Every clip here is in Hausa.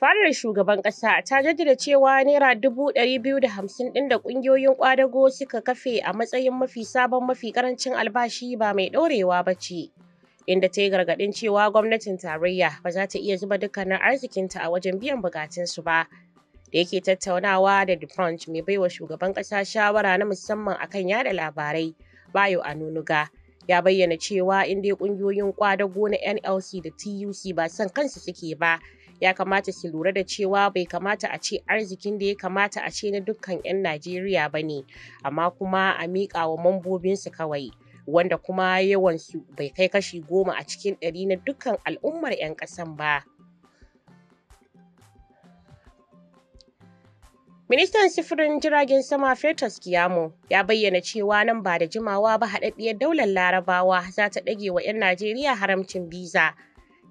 Fadar shugaban ƙasa ta jaddada cewa Naira dubu ɗari biyu da hamsin ɗin da ƙungiyoyin ƙwadago suka kafe a matsayin mafi sabon mafi ƙarancin albashi ba mai ɗorewa ba ce. Inda ta yi gargaɗin cewa gwamnatin tarayya ba za ta iya zuba dukkanin arzikinta a wajen biyan bukatunsu ba. Da yake tattaunawa da The mai baiwa shugaban ƙasa shawara na musamman a kan yada labarai Bayo Anunuga. ya bayyana cewa in dai kungiyoyin kwadago na NLC da TUC ba son kansu suke ba ya kamata su lura da cewa bai kamata a ce arzikin da ya kamata a ce na dukkan 'yan Najeriya ba ne, amma kuma a miƙa wa mambobinsu kawai. Wanda kuma yawansu bai kai kashi goma a cikin ɗari na dukkan al'ummar 'yan ƙasan ba. Ministan Sifirin Jiragen Sama Fetus Kiyamo ya bayyana cewa nan ba da jimawa ba haɗaɗɗiyar daular Larabawa za ta ɗage wa 'yan Najeriya haramcin biza.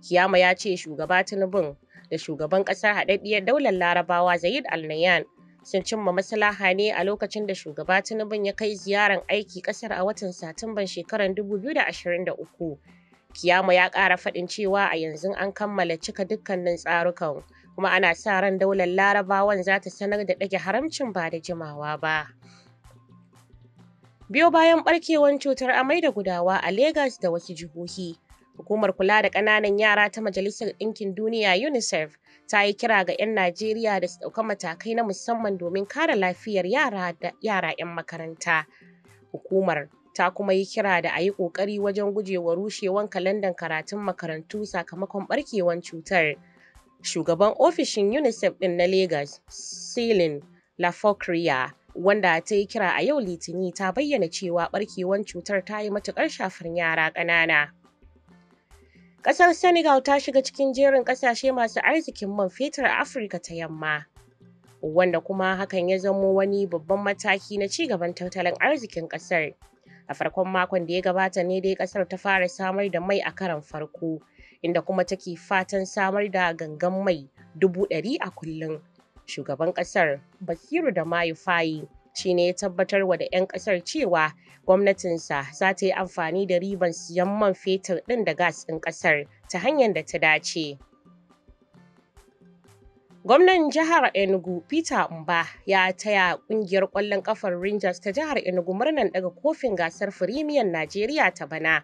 Kiyama ya ce shugaba Tinubun da shugaban ƙasar haɗaɗɗiyar daular larabawa Zayid al-Nahyan sun cimma maslaha ne a lokacin da shugaba Tinubu ya kai ziyaran aiki ƙasar a watan Satumban shekarar 2023. Kiyama ya ƙara faɗin cewa a yanzu an kammala cika dukkanin tsarukan kuma ana sa ran daular larabawan za ta sanar da ɗage haramcin ba da jimawa ba. Biyo bayan ɓarkewar cutar amai da gudawa a Legas da wasu jihohi, Hukumar kula da ƙananan yara ta Majalisar Ɗinkin Duniya UNICEF ta yi kira ga 'yan Najeriya da su ɗauka matakai na musamman domin kare lafiyar yara da yara 'yan makaranta. Hukumar ta kuma yi kira da a yi ƙoƙari wajen gujewa rushewan kalandan karatun makarantu sakamakon ɓarkewar cutar. Shugaban ofishin UNICEF ɗin na Legas, Celine Lafocria, wanda ta yi kira a yau Litini ta bayyana cewa ɓarkewar cutar ta yi matuƙar shafar yara ƙanana. Ƙasar Senegal ta shiga cikin jerin ƙasashe masu arzikin man fetur a Afirka ta Yamma. Wanda kuma hakan ya zamo wani babban mataki na ci gaban tattalin arzikin ƙasar. A farkon makon da ya gabata ne dai ƙasar ta fara samar da mai a karon farko, inda kuma take fatan samar da gangan mai dubu ɗari a kullum. Shugaban ƙasar Basiru da Mayu faye. shi ne ya tabbatar wa da 'yan ƙasar cewa gwamnatinsa za ta yi amfani da riban siyan man fetur ɗin da gas ɗin ƙasar ta hanyar da ta dace. Gwamnan jihar Enugu Peter Mba ya taya ƙungiyar ƙwallon ƙafar Rangers ta jihar Enugu murnan daga kofin gasar Firimiyan Najeriya ta bana.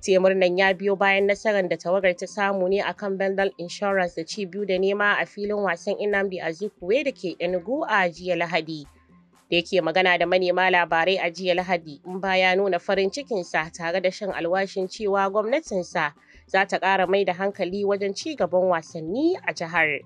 Temur nan ya biyo bayan nasarar da tawagar ta samu ne a kan bendal Insurance da ci biyu da nema a filin wasan Inambi Azikiwe da ke Enugu a jiya Lahadi. da yake magana da manema labarai a jiya lahadi in baya nuna farin cikinsa tare da shan alwashin cewa gwamnatinsa za ta ƙara mai da hankali wajen ci gaban wasanni a jihar.